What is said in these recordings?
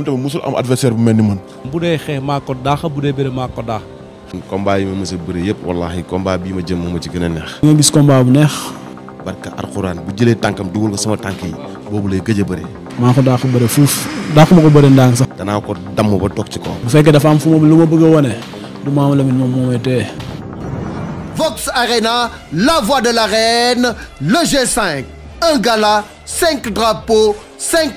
moom tamit mosul am adversaire bu mel ni man. bu dee xeex maa ko daax bu dee bëre maa ko daax. combat yi ma mës a bëri yëpp wallaahi combat bii ma jëm moo ma ci gën a neex. nga gis combat bu neex. barka alxuraan bu jëlee tànkam dugal ko sama tànk yi boobu lay gëj a bëri. maa ko daax bëri fuuf daax ko bëri ndànk sax. danaa ko damm ba toog ci kaw. bu fekkee dafa am fu mu lu ma bëgg a du ma am la voix de l'arène le G5 un gala cinq drapeaux cinq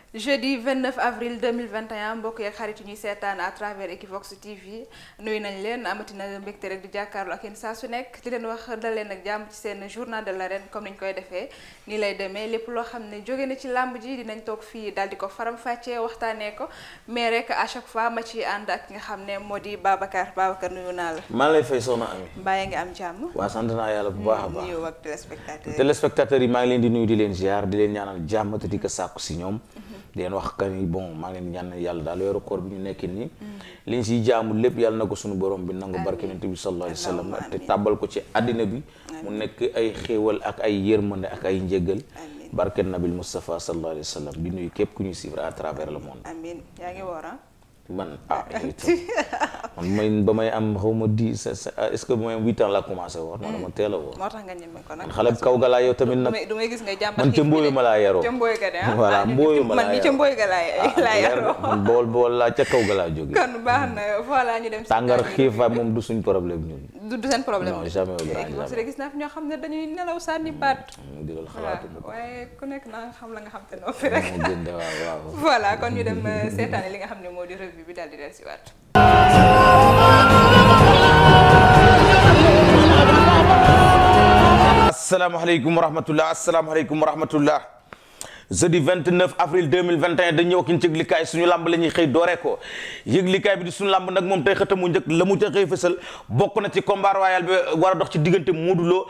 jeudi 29 avril 2021 mbokk yeeg xaritu ñuy seetaan à travers Equivox TV nuyu nañ leen amati na mbégte rek di jàkkaarloo ak yéen saa su nekk di leen wax dal leen ak jàmm ci seen journal de l'arène koy defee nii lay demee lépp loo xam ne jóge na ci làmb ji dinañ toog fii daal di ko faram-fàccee waxtaanee ko mais rek à fois ma ci ànd ak nga xam ne moo di Babacar Babacar nuyu naa la. maa lay fay soxna Ami. mbaa nga am jàmm. waaw sant a baax nuyu ak téléspectateurs yi. maa ngi leen di nuyu di leen ziar di leen ñaanal jàmm te di ko sàkku si ñoom di leen wax kani bon maa ngi ñaan yàlla daal weeru koor bi ñu nekk nii mm. liñ siy jaamu lépp yàlla na ko suñu borom bi nangu barke yonent bi sallallahu alayhi wa sallam te tàbbal ko ci àddina bi mu nekk ay xéewal ak ay yërmande ak ay njëgal barke nabil Moustapha sallallahu alayhi wa sallam di nuyu képp ku ñu suivre à travers le monde man ah man may ba may am xaw ma di ah, est-ce que ba may am huit ans la commencé woon. man dama teel a woon. moo tax nga ñeme ko nag. xale kaw ga laa yow tamit nag. du gis nga jàmbaar man ca mbooyu ma laa yaroo. ca mbooyu ah. voilà ah, mbooyu ma laa yaroo man mi ca mbooyu laa bool bool laa ca kaw ga laa jógee. kon baax na voilà ñu dem. tàngar xiif moom du suñ problème ñun. du seen problème non jamais au grand jamais rek gis naa fi ñoo xam ne dañuy nelaw sànni mm, baat. Mm, mu di loolu xalaatu waaye ku nekk na nga xam la nga xam te noppi rek. voilà kon ñu dem euh, seetaane li nga xam ne moo di revue bi daal di del si waat. asalaamaaleykum wa rahmatulah asalaamaaleykum jeudi 29 avril 2021 dañ ñëw ak ñu ci yëglikaay suñu lamb la ñuy xëy dooree ko yëglikaay bi di suñu lamb nag moom tey xëtamu njëkk la xëy fësal bokk na ci combat royal bi war a dox ci diggante Modou Lo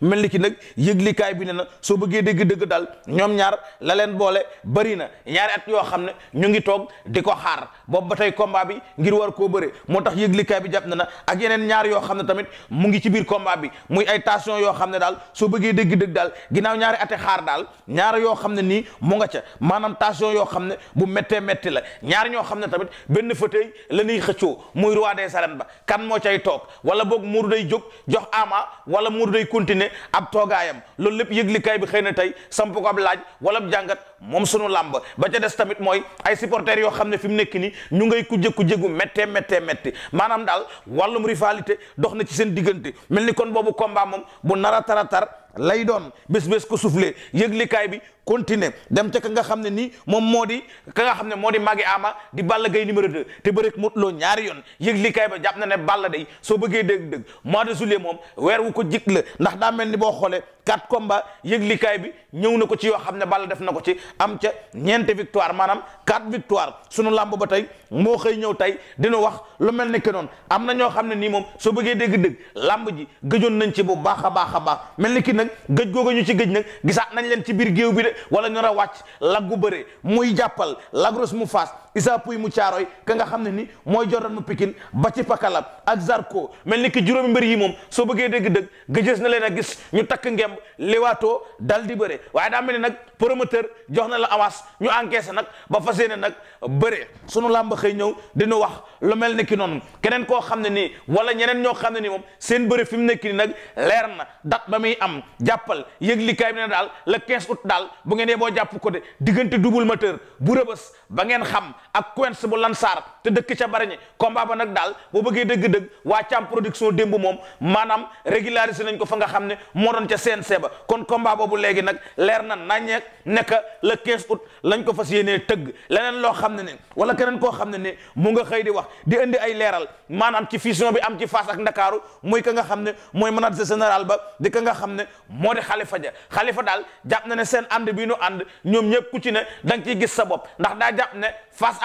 mel ni ki nag yëglikaay bi ne na soo bëggee dégg-dëgg daal ñoom ñaar la leen boole bari na ñaari at yoo xam ne ñu ngi toog di ko xaar boobu ba tey combat bi ngir war koo bëre moo tax yëglikaay bi jàpp na na ak yeneen ñaar yoo xam ne tamit mu ngi ci biir combat bi muy ay tension yoo xam ne daal soo bëggee dégg-dëgg daal ginnaaw ñaari ate xaar daal ñaar yoo xam ne nii mu nga ca maanaam tension yoo xam ne bu méttee métti la ñaar ñoo xam ne tamit benn fauteuil la ñuy xëccoo muy roi des arènes ba kan moo cay toog wala boog muuru day jóg jox ama wala muuru day continuer ab toogaayam loolu lépp yëglikaay bi xëy na tey samp ko ab laaj wala jàngat moom sunu làmb ba ca des tamit mooy ay supporters yoo xam ne fi mu nekk nii ñu ngay kujje kujje gu méttee méttee métti maanaam daal wàllum rivalité dox na ci seen diggante mel ni kon boobu combat bu nara tara tar lay doon bés bés ko soufflé yëglikaay bi continuer dem ca ka nga xam ne nii moom moo di ka nga xam ne moo di magi ama di Balla gay numéro 2 te bërek Modou Lo ñaari yoon yëg li ba jàpp na ne Balla day soo bëggee dégg dëgg mois de juillet moom weer wu ko jik la ndax daa mel ni boo xoolee quatre combats yëg li bi ñëw na ko ci yoo xam ne Balla def na ko ci am ca ñeenti victoire maanaam quatre victoire sunu làmb ba tey moo xëy ñëw tey dina wax lu mel ni que noonu am na ñoo xam ne nii moom soo bëggee dëgg làmb ji gëjoon nañ ci bu baax a baax a baax mel ni ki nag gëj ñu ci gëj nag gisaat nañ leen ci biir géew bi wala ñu a wàcc lag gu bëre muy jàppal lagros mu faas Issa Pouye mu Caaroy ka nga xam ne ni mooy Jordan mu Pikine ba ci Pakala ak Zarko mel ni ki juróomi mbër yi moom soo bëggee dégg-dëgg gëjës na leen a gis ñu takk ngemb lewaatoo dal di bëre waaye daa mel ni nag promoteur jox na la avance ñu encaissé nag ba fas ne nag bëre sunu làmb xëy ñëw dina wax lu mel ni ki noonu keneen koo xam ne nii wala ñeneen ñoo xam ne ni moom seen bëre fi mu nekk nii nag leer na date ba muy am jàppal yëg likaay bi ne daal le 15 août daal bu ngeen yeboo jàpp ko de diggante double moteur bu rëbës ba ngeen xam ak Quench bu Lansar te dëkk ca Bargny combat ba nag daal boo bëggee dëgg-dëgg waa Thiam production démb moom maanaam régularisé nañ ko fa nga xam ne moo doon ca CNC ba kon combat boobu léegi nag leer na naññeeg nekk le 15 août lañ ko fas yéenee tëgg leneen loo xam ne ne wala keneen koo xam ne ne mu nga xëy di wax di indi ay leeral maanaam ci fusion bi am ci Fass ak Ndakaaru muy ka nga xam ne mooy manager général ba di ka nga xam ne moo di Xalifa ja Xalifa daal jàpp na ne seen ànd bi nu ànd ñoom ñëpp ku ci ne da nga ciy gis sa bopp ndax daa jàpp ne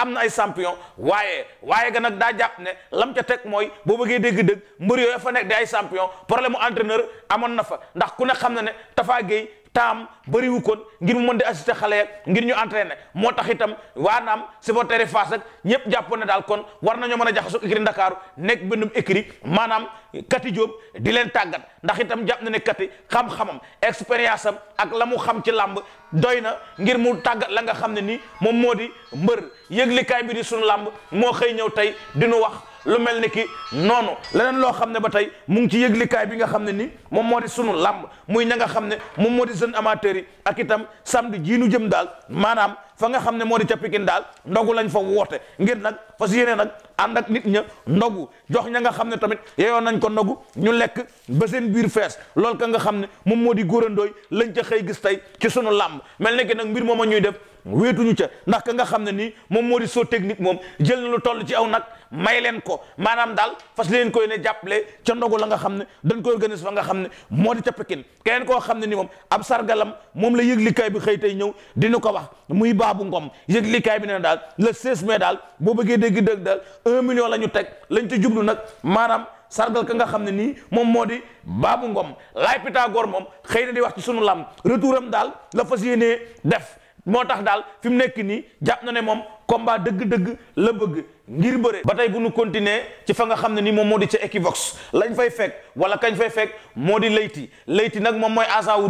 am na ay champion waaye waaye ga nag daa jàpp ne lam ca teg mooy boo bëggee dégg-dégg mbër yooyu fa nekk di ay champion problème mu entraîneur amoon na fa ndax ku ne xam na ne Tafa Gueye taam bëriwu kon ngir mu mën di assister xale ya ngir ñu entraîner moo tax itam waa naam supporter Fass ak ñëpp jàpp ne daal kon war nañoo mën a jaxasoo écurie Ndakaaru nekk benn écurie maanaam Kati Diop di leen tàggat ndax itam jàpp na ne Kati xam-xamam expérience am ak la mu xam ci làmb doy na ngir mu tàggat la nga xam ne nii moom moo di mbër yëglikaay bi di sunu làmb moo xëy ñëw tey dina wax. lu mel ni ki noonu leneen loo xam ne ba tey mu ngi ci yëglikaay bi nga xam ne ni moom moo di sunu làmb muy ña nga xam ne moom moo di jeune amateur yi ak itam samedi jii nu jëm daal maanaam fa nga xam ne moo di ca Pikine daal ndogu lañ fa woote ngir nag fas yéene nag ànd ak nit ña ndogu jox ña nga xam ne tamit yeyoon nañ ko ndogu ñu lekk ba seen biir fees lool ka nga xam ne moom moo di góorandooy lañ ca xëy gis tey ci sunu làmb mel ni ki nag mbir mooma ñuy def wéetuñu ca ndax ka nga xam ne nii moom moo di soo technique moom jël na lu toll ci aw nag may leen ko maanaam daal fas leen koy ne jàppale ca ndogu la nga xam ne dañ koy organise fa nga xam ne moo di ca Pikine keneen koo xam ne ni moom ab sargalam moom la yëglikaay bi xëy tey ñëw dina ko wax muy baabu ngoom ngom yëglikaay bi ne daal le 16 mai daal boo bëggee dégg dëgg daal un million la ñu teg lañ ca jublu nag maanaam sargal ka nga xam ne nii moom moo di baabu ngoom laay Pythagore moom xëy na di wax ci sunu lam retouram daal la fas yéenee def moo tax daal fi mu nekk nii jàpp na ne moom comme combat dëgg-dëgg la bëgg ngir bëre ba tey bu nu continuer ci fa nga xam ne nii moom moo di ca Equivox lañ fay fekk wala kañ fay fekk moo di layti layti nag moom mooy agent wu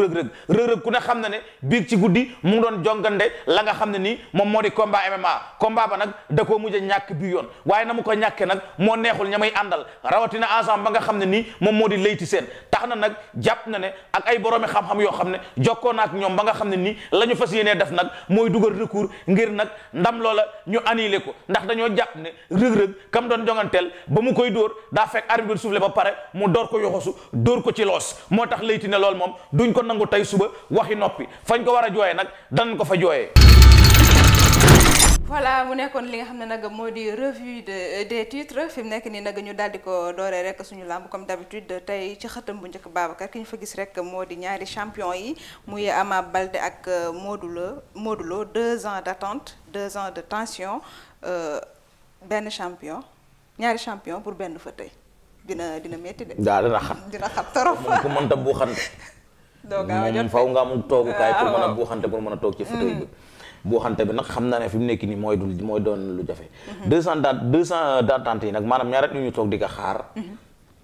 rëg-rëg ku ne xam na ne biig ci guddi mu ngi doon jongande la nga xam ne nii moom moo di combat MMA combat ba koo mujj a ñàkk bi yoon waaye na mu ko ñàkkee nag moo neexul ña may àndal rawatina agent ba nga xam ne nii moom moo di layti seen tax na nag jàpp na ne ak ay boroomi xam-xam yoo xam ne jokkoo na ak ñoom ba nga xam ne nii la ñu fas yéenee def nag mooy dugal recours ngir nag ndam loola ñu annulé ko ndax dañoo jàpp ne ne rëg-rëg kam doon jonganteel ba mu koy dóor daa fekk arbitre bi soufflé ba pare mu door ko yoxosu dóor ko ci loos moo tax layti ne lool moom duñ ko nangu tey suba waxi noppi fañ ko war a jooyee nag danañ ko fa jooyee voilà mu nekkoon li nga xam ne nag moo di revue de euh, des titres fi mu nekk nii nag ñu daal di ko dooree rek suñu làmb comme d'habitude tey ci xëtam bu njëkk Babacar ki ñu fa gis rek moo di ñaari champion yi muy Ama Baldé ak euh, Modou Lo Modou Lo deux ans d'attente deux de tension. Euh, benn champion ñaari champion pour benn fa tey dina dina metti de. daa dina xat dina xat trop. ku mënta buuxante. doo gaaw a jot faw nga am toogukaay ah, pour mën a buuxante pour mën a toog ci fauteuil bi. Mm. buuxante bi nag xam naa ne fi mu nekk nii mooy dul mooy doon lu jafe. 200 mm-hmm. date 200 d'attente yi nag maanaam ñaareel ñu toog di ko xaar. Mm-hmm.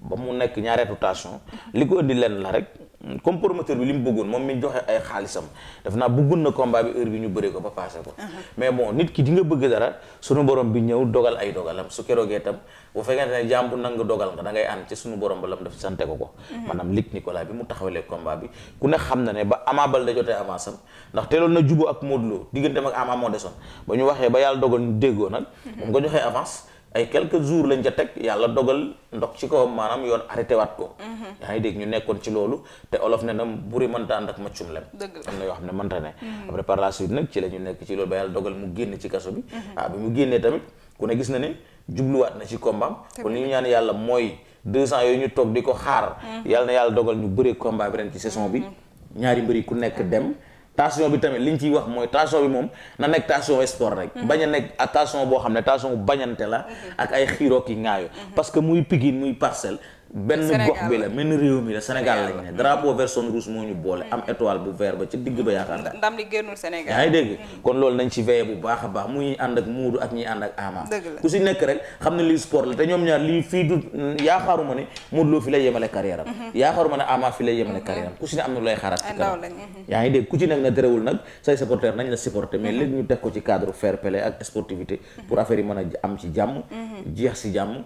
ba mu nekk ñaareelu rotation. Mm-hmm. li ko indi lenn la rek. comme promoteur bi li mu bëggoon moom mi joxe ay xaalisam daf naa bëggoon na combat bi heure bi ñu bëree ko ba passé ko. Uh-huh. mais bon nit ki di nga bëgg dara sunu borom bi ñëw dogal ay dogalam su keroogee tam bu fekkente ne jàmbu nangu dogal nga da ngay ànd ci sunu borom ba lam daf sante ko ko. Uh-huh. maanaam Luc Nicolas bi mu taxawalee combat bi ku ne xam na ne ba Ama Baldé jotee avance am ndax teeloon na juboo ak Modou Lo digganteem ak Ama moo desoon ba ñu waxee ba yàlla dogal ñu nag. Uh-huh. moom nga joxee avance. ay quelque jours lañ ca teg yàlla dogal ndox ci kawam maanaam yoon arrêté waat ko. Mhm. yaa ngi dégg ñu nekkoon ci loolu te olof ne na buri mënta ànd ak maccum lem. am na yoo xam ne mënta ne. Mhm. après par la suite nag ci la ñu nekk ci loolu ba yàlla dogal mu génn ci kaso bi. Mhm. ah bi mu génnee tamit ku ne gis na ne jubluwaat na ci kombaam. kon li ñu ñaan yàlla mooy deux ans yooyu ñu toog di ko xaar. yàlla na yàlla dogal ñu bëree combat bi ren ci saison bi. ñaari mbëri ku nekk dem. tension bi tamit li ñu ciy wax mooy tension bi moom na nekk tension sport rek mhm. bañ a nekk ak tension boo xam ne bu bañante la mhm. ak ay xiiroo ki ngaayo mhm. parce que muy Pikine muy Parcelles benn gox bi la benn réew mi la Sénégal lañ ne drapeau vert son rouge moo ñu boole am mm. étoile bu vert ba ci digg ba yaakaar naa. ndam li génnul Sénégal yaa ngi dégg. Mm. kon loolu nañ ci veillé bu baax a baax mu ñuy ànd ak muudu ak ñuy ànd ak ama xam ne lii sport la te lii fii du yaakaaruma ne Modou Lo fi lay yemale carrière am mm-hmm. yaakaaruma ne Ama fi lay mm-hmm. ku si ne am na looy xaaraat ci kanam mm-hmm. yaa ngi dégg ku ci nekk na terewul nag say supporter nañ la supporter mais léegi ñu teg ko ci cadre fair play ak sportivité pour affaire yi mën a am ci jàmm jeex si jàmm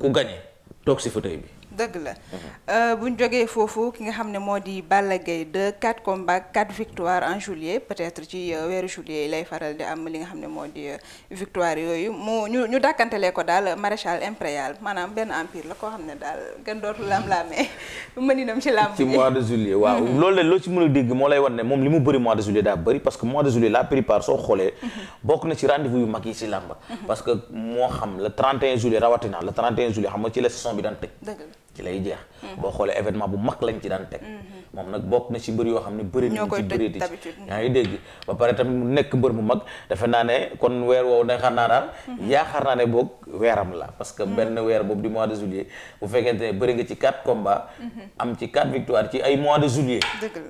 ku gañe si fauteuil bi dëgg la euh, bu ñu jógee foofu ki nga xam ne moo di Balla Gaye 2 4 combats 4 victoires en juillet peut ci euh, weeru juillet lay faral di am li nga xam ne moo di euh, victoire yooyu mu ñu ñu dàkkantelee ko daal maréchal impérial maanaam benn empire la koo xam ne daal gën dootu lam-laamee mëninam ci làmb ci mois de juillet waaw mm-hmm. loolu la loo ci mën a dégg moo lay wan ne moom li mu bëri mois de juillet daa bëri parce que mois de juillet la prépare soo xoolee mm-hmm. yi ci mm-hmm. que moo xam le 31 juillet rawatina le 31 juillet ci lay jeex boo xoolee événement bu mag lañ ci daan teg moom nag bokk na ci mbër yoo xam ne bëri nañ ci bëri di ci yaa ngi dégg ba pare tamit mu nekk mbër mu mag defe naa ne kon weer woowu na xam naa daal yaakaar naa ne boog weeram la parce que benn weer boobu di mois de juillet bu fekkente ne bëri nga ci quatre combats am ci quatre victoires ci ay mois de juillet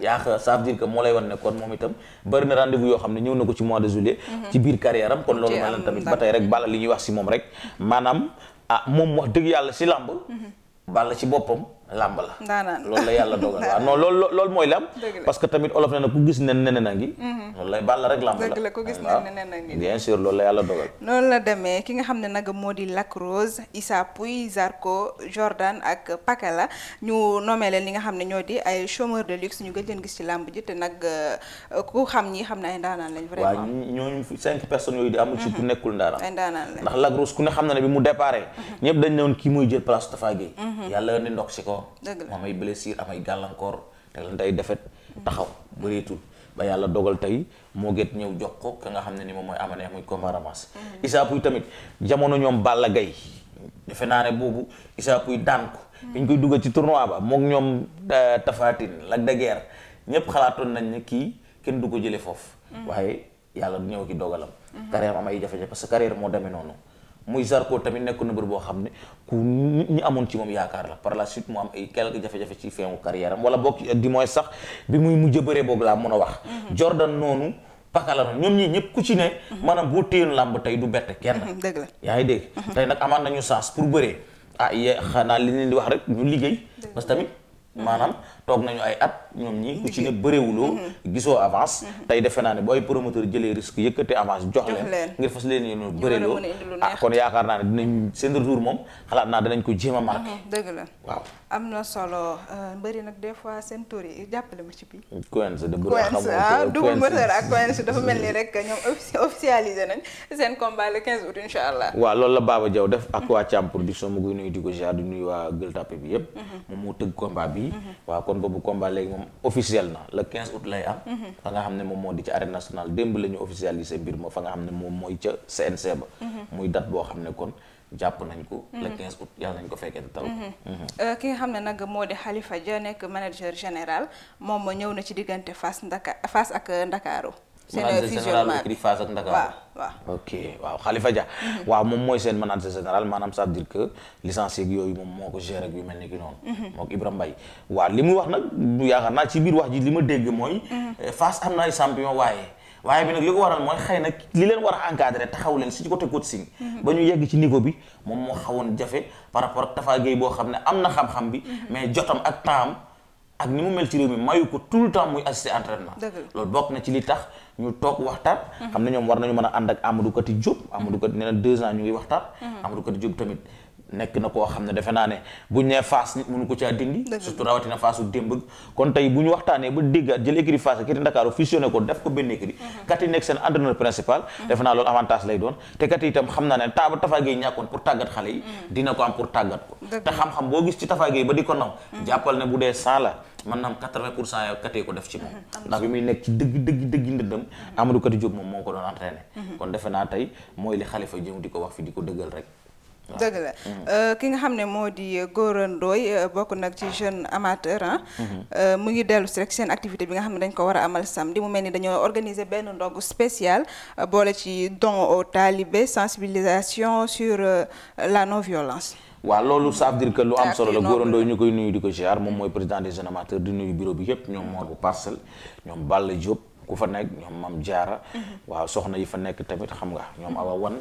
yaakaar ça veut dire que moo lay wan ne kon moom itam bëri na rendez-vous yoo xam ne ñëw na ko ci mois de juillet ci biir carrière am kon loolu ma lan tamit ba rek bala li ñuy wax ci moom rek maanaam ah moom wax dëgg yàlla ci làmb Balla ci boppam làmb la daanaan loolu la yàlla dogal waaw non loolu loolu mooy lam parce que tamit olof ne na ku gis nen nene na ngi mhm. loolu lay bàll rek làmb la la ku gis nen nene na ngi bien sûr la yàlla dogal noonu la demee ki nga xam ne nag moo di Lac Rose Issa Pouye Zarko Jordan ak Pakala ñu nommé leen li nga xam ne ñoo di ay chômeur de luxe ñu gëj leen gis ci làmb ji te nag euh, ku xam ñi xam ne ay ndaanaan lañ vraiment waaw ñooñu cinq personnes yooyu di amul ci ku nekkul ndaanaan ay ndaanaan lañ ndax ku ne xam na ne bi mu déparé mhm. ñëpp dañ ne woon kii muy jël place Tafa Gueye mhm. accident. dëgg la amay blessure amay gàllankoor te lan day defet taxaw bëreetul ba yàlla dogal tey moo gét ñëw jox ko ka nga xam ne ni moom mooy amaneex muy combat ramas. Mhm. Issa Pouye tamit jamono ñoom Balla gay defe naa ne boobu Issa Pouye daan ko. dañ mhm. koy duggal ci tournoi ba mook ñoom euh, Tapha Tine Lac de Guiers ñëpp xalaatoon nañ ne kii kenn du ko jëlee foofu. Mhm. waaye yàlla du ñëw ki dogalam. carrière am ay jafe-jafe que carrière moo demee noonu. muy Zarko tamit nekk na mbër boo xam ne ku nit ñi amoon ci moom yaakaar la par la suite mu am ay quelques jafe-jafe ci feewu carrière am wala boog du moins sax bi muy mujj bëree boog laa mën a wax. Mhm. Jordan noonu. bakala noonu ñoom ñii ñëpp ku ci ne. Mhm. maanaam boo téyoon làmb tey du bett kenn. Mhm, dëgg la yaa ngi dégg. tey nag amaan nañu chance pour bëree ah yee xanaa li leen di wax rek ñu liggéey parce tamit maanaam. toog nañu ay at ñoom ñi ku ci ne bëréewuloo mhm. gisoo avance mhm. tey defe naa ne bu ay promoteur jëlee risque yëkkate avance jox leen ngir fas leen yéen bëreeloo ah kon yaakaar naa ne dinañ seen retour moom xalaat naa danañ ko jéem a marqué mhm, dëgg la waaw am na solo euh, mbëri nag des yi jàppale ma ci bi Quench de Quench ah, double moteur ak Quench dafa mel ni rek ñoom officialisé nañ seen combat le 15 août incha allah waaw loolu la Baba Diaw def ak waa Thiam production mu koy nuyu di jaar di nuyu waa Gueule Tapée bi yëpp moom moo kon boobu combat léegi moom officiel na le 15 août lay am. fa nga xam ne moom moo di ci arène nationale démb la ñu officialisé mbir ma fa nga xam ne moom mooy ca CNC ba. muy date boo xam ne kon jàpp nañ ko. le 15 août yàlla nañ ko fekkee tal ko. Euh, ki xam ne nag moo di Khalifa Dia nekk manager général moom ñëw na ci diggante Fass Ndaka Fass ak Ndakaaru. manager général écurie Fass ak Ndakaaru waaw waaw ok waaw Khalifa Dia waaw moom mooy seen manager général maanaam ça veut dire que licencié ak yooyu moom moo ko gérer ak yu mel ni ki noonu mhm. mook Ibrahima Mbaye waaw li mu wax nag yaakaar naa ci biir wax ji li ma dégg mooy mhm. eh, Fass am na ay champion waaye waaye bi nag li ko waral mooy xëy na li leen war a encadré taxaw leen si côté coaching mhm. ba ñu yegg ci niveau bi moom moo xawoon jafe par rapport ak Tafa Gueye boo xam ne am na xam-xam bi mais jotam ak temps ak ni mu mel ci réew mi mayu ko tout le temps muy assister entraînement loolu bokk na ci li tax ñu toog waxtaan mhm. xam ne ñoom war nañu mën a ànd ak Amadou Kati Diop Amadou Kati nee na deux ans ñu ngi waxtaan mhm. Amadou Kati Diop tamit nekk na koo xam ne defe naa ne buñ nee faas nit mënu ko caa dindi surtout rawatina Fassu démb kon tey bu ñu waxtaanee ba déggaat jël écurie Fass ak écurie Ndakaaru fusionné ko def ko benn écurie mhm. kat yi nekk seen entraîneur principal mhm. defe naa loolu te kat itam xam naa ne taa ba tafaagee pour tàggat xale mhm. dina ko am pour tàggat ko te xam-xam boo gis ci tafaagee ba ko naw jàppal ne bu dee 100 la man naam 80 pour cent yow katee ko def ci moom ndax bi muy nekk ci dëgg dëgg dëgg ndëndam Amadou Kati Diop moom moo ko doon entraîné kon defe naa tey mooy li xalifa jëm di ko wax fi di ko dëggal rek dëgg la mm-hmm. euh, ki nga xam ne moo di euh, Gora Ndoye euh, bokk nag ci jeune amateur ah. mu ngi dellu si rek seen activité bi nga xam ne dañ ko war a amal samedi mu mel ni dañoo organiser benn ndogu spécial boole ci don au talibé sensibilisation sur la non violence. waaw loolu ça veut dire que lu am solo la Gora Ndoye ñu koy nuyu di ko ziar moom mooy président des jeunes amateurs du nuyu bureau bi yépp ñoom moo bu Parcelles ñoom Balla Diop ku fa nekk ñoom Mame Diarra. Mm-hmm. waaw soxna yi fa nekk tamit xam nga ñoom Awa Wan.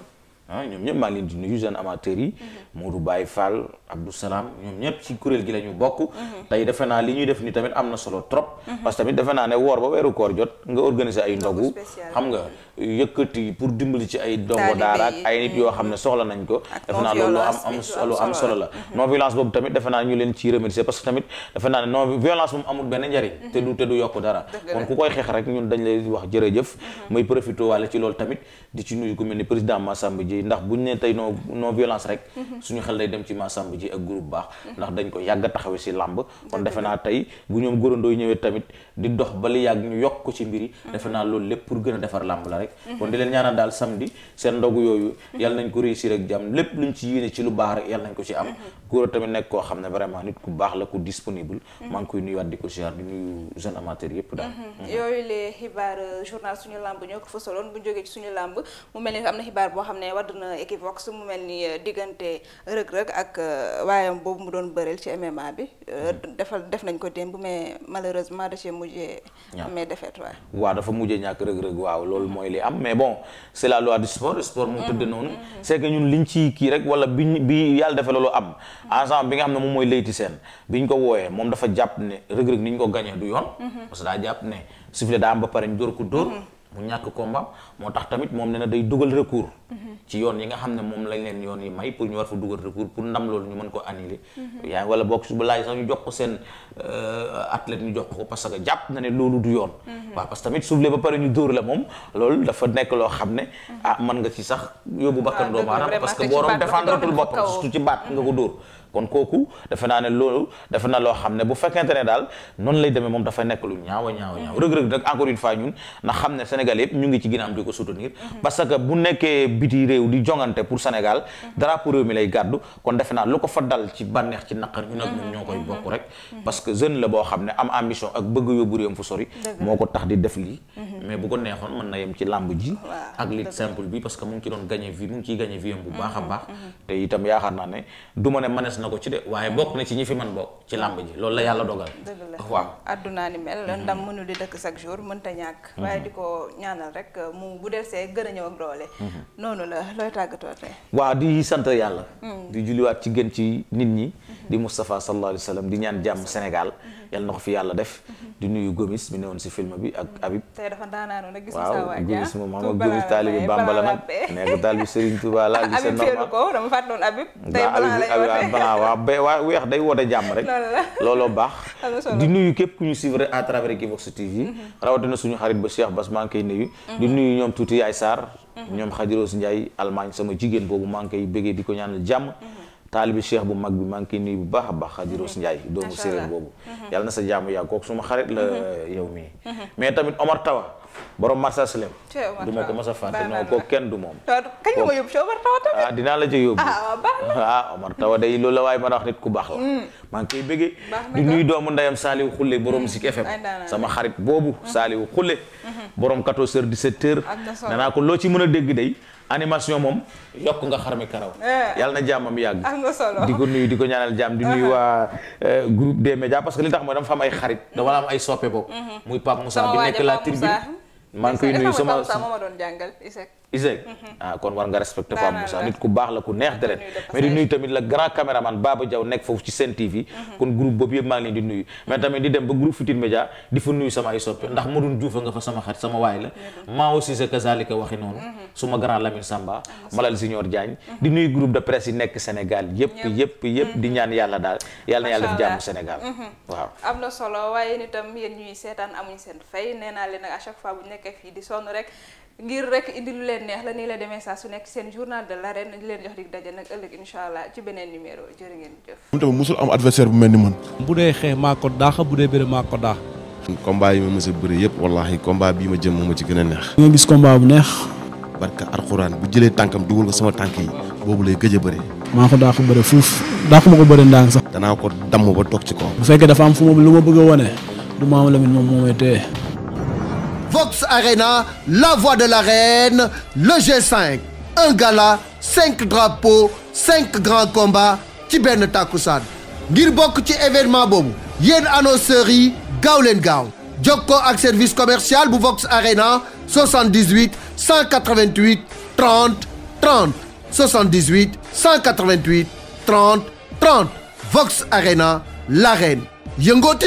ah ñoom ñëpp maa ngi leen di nuyu jeune amateurs yi. Mm-hmm. Modou Baye Fall Abdou Salam ñoom ñëpp ci kuréel gi la ñu bokk. Mm-hmm. tey defe naa li ñuy def ni tamit am na solo trop. Mm-hmm. parce que tamit defe naa ne woor ba weeru koor jot nga organiser ay ndogu. xam nga yëkkati pour dimbali ci ay dongo daara ak ay nit yoo xam ne soxla nañ ko. defe naa loolu am am am solo non violence boobu tamit defe naa ñu leen ciy remercier parce que tamit defe naa ne non violence moom amul benn njariñ. te du te yokk dara. kon ku koy xeex rek ñun dañ lay wax jërëjëf. muy profité wàll ci loolu tamit ci nuyu ku mel président Massamba ji ndax buñ ne tey non non violence rek mhm. suñu xel day dem ci Massamba ji ak groupe baax mhm. ndax dañ ko yàgg a taxawe si làmb kon defe naa tey bu ñoom góorandooy ñëwee tamit di dox ba yàgg ñu yokk ko ci mhm. a am góor tamit nekk koo xam ne vraiment nit ku baax la ku disponible maa koy nuyuwaat di ko ziar di nuyu jeune amateur yépp daal yooyu les xibaar euh, journal suñu làmb ñoo ko fësaloon bu jógee ci suñu làmb mu mel ni am na xibaar boo xam ne nodd na Equivox mu mel ni euh, diggante rëg-rëg ak euh, waayam boobu mu doon bëreel ci MMA bi euh, mhm. defal def nañ ko démb mais malheureusement da cee mujjee amee défaite waaw waaw dafa mujjee ñàkk rëg-rëg waaw loolu mooy li am mais bon c'est la loi du sport sport moom tëdd mhm. noonu mhm. c'est que ñun liñ ci kii rek wala biñ bi yàlla defee loolu am ensemble bi nga xam ne moom mooy seen bi biñ ko wooyee moom dafa jàpp ne rëg-rëg ni ñu ko gañee du yoon parce que daa jàpp ne sifflet daa am ba pare ñu dóor ko dóor mu ñàkk combat moo tax tamit moom ne na day dugal recours mhm. ci yoon yi nga xam ne moom lañ leen yoon yi may pour ñu war fa dugal recours pour ndam loolu ñu mën ko annuler mhm. yaa ngi wala bokk su ba jox ko seen euh, athlète ñu jox ko parce que jàpp na ne loolu du yoon mhm. waaw parce que tamit soulevé ba pare ñu dóor la moom loolu dafa nekk loo xam ne ah mën nga ci sax yóbbu bakkan ah, doomu aadama parce que boroom défendretul boppam surtout ci baat nga ko dóor kon kooku defe naa ne loolu defe na loo xam ne bu fekkente ne daal noonu lay demee moom dafa nekk lu ñaawa ñaawa ñaaw rëg-rëg nag encore une fois ñun na xam mhm. mhm. fa dal ci bànneex ci naqar ñun ak ñun mhm. ñoo koy bokk rek parce que jeune la boo xam ne am ambition ak bëgg yóbbu réewam fu moo ko tax di def lii mais bu ko neexoon mën na yem ci làmb ji ak lit simple bi parce que mu ngi ci doon gagné vie mu ngi ciy gagné vie bu baax a baax te itam yaakaar naa ne du ne manes na ko ci de waaye bokk na ci ñi fi man bokk ci làmb ji loolu la yàlla dogal dëgg la waaw àddunaa ni mel mm-hmm. ndam mënul di dëkk chaque jour mënta ñàkk mm-hmm. waaye di ko ñaanal rek mu bu delsee gën a ñëw ak mm-hmm. noonu la looy tàggatoo tey waaw di sant yàlla mm. di julliwaat ci gën ci nit ñi di Moustapha sallallahu alayhi wa sallam di ñaan jàmm Sénégal yal na ko fi yàlla def. Mhm. di nuyu Gomis mi ne woon si film bi ak Habib. Mhm. waaw Gomis ah. moom maam Gomis taalibi eh, Bamba la nag nekk taalibi Serigne Touba la. di seen normal Habib teelu ko dama fàttoon Habib. tey balaa lay wootee Habib balaa waaw ba waa weex day woote jàmm rek. loolu la looloo baax. di nuyu képp ku ñu TV. Mhm. rawatina suñu xarit ba Cheikh Bass maa ngi koy nuyu. di nuyu ñoom tuuti Yaay Sarr. ñoom Khadiroos Ndiaye Allemagne sama jigéen boobu maa ngi koy bëggee di ko ñaanal jàmm taalibi cheikh bu mag bi maa ngi koy bu baax a baax Xadi Roos Njaay doomu séeréer boobu mm-hmm. yàlla na sa jaamu yàgg kooku suma xarit la mm-hmm. yow mii mm-hmm. mais tamit Omar Tawa borom Marsa Salem du ma ko mas a fàtte kenn du moom ah, dinaa la ca yóbbu ah, ah Omar Tawa day loolu la waaye mën a wax nit ku baax la mm. maa ngi bëggee di nuyu doomu ndeyam Saaliwu Xulle borom si mm. FM sama xarit boobu mm. Saaliwu Xulle borom 14 heures 17 heures danaa ko loo ci mën a dégg day animation moom yokk nga xar mi karaw eh. yàlla na jàmmam yàgg am di ko nuyu di ko ñaanal jàmm di nuyu uh-huh. waa eh, groupe des médias parce que li tax mooy dama fa am ay xarit uh-huh. dama am ay soppe boobu uh-huh. muy Pape Moussa bi nekk la tribune maa ngi koy nuyu sama sama ma doon jàngal Isaac Isaac mhm. ah kon war nga respecté Pape Moussa nit ku baax la ku neex deret mais di nuyu tamit la grand caméraman Baba Diaw nekk foofu ci Sen TV mhm. kon groupe boobu yëpp maa ngi di nuyu mhm. mais tamit di dem ba groupe Futurs Médias di fa nuyu sama ay soppe ndax Modou Diouf nga fa sama xarit sama waay la maa aussi sa kazalika waxi noonu suma grand Lamine Samba Malal Signor Diagne di nuyu groupe de presse yi nekk Sénégal yëpp yëpp di ñaan yàlla daal yàlla na yàlla di sonn rek ngir rek indi lu leen neex la nii la demee saa su nekk seen journal de l'arène di leen jox dig daje nag ëllëg incha allah ci beneen numéro jërë ngeen jëf. moom tamit mosul am ni man. bu dee xeex maa ko daax bu dee bëre maa ko daax. combat yi ma a bëri a neex. nga gis combat bu neex. barka alxuraan bu jëlee tànkam dugal ko sama tànk yi boobu lay gëj a bëri. maa ko daax bëri fuuf daax ma ko bëri ndànk sax. danaa ko damm ba toog ci kaw. bu fekkee dafa am fu ma lu ma bëgg a wane du ma am lamit moom moo may Vox Arena, la voix de la l'arène, le G5. Un gala, cinq drapeaux, cinq grands combats ci benn takkusaan ngir bokk ci événement boobu yéen annonceurs yi gaaw gaaw jokkoo ak service commercial bu Vox Arena 78 188 30 30 78 188 30 30 Vox Arena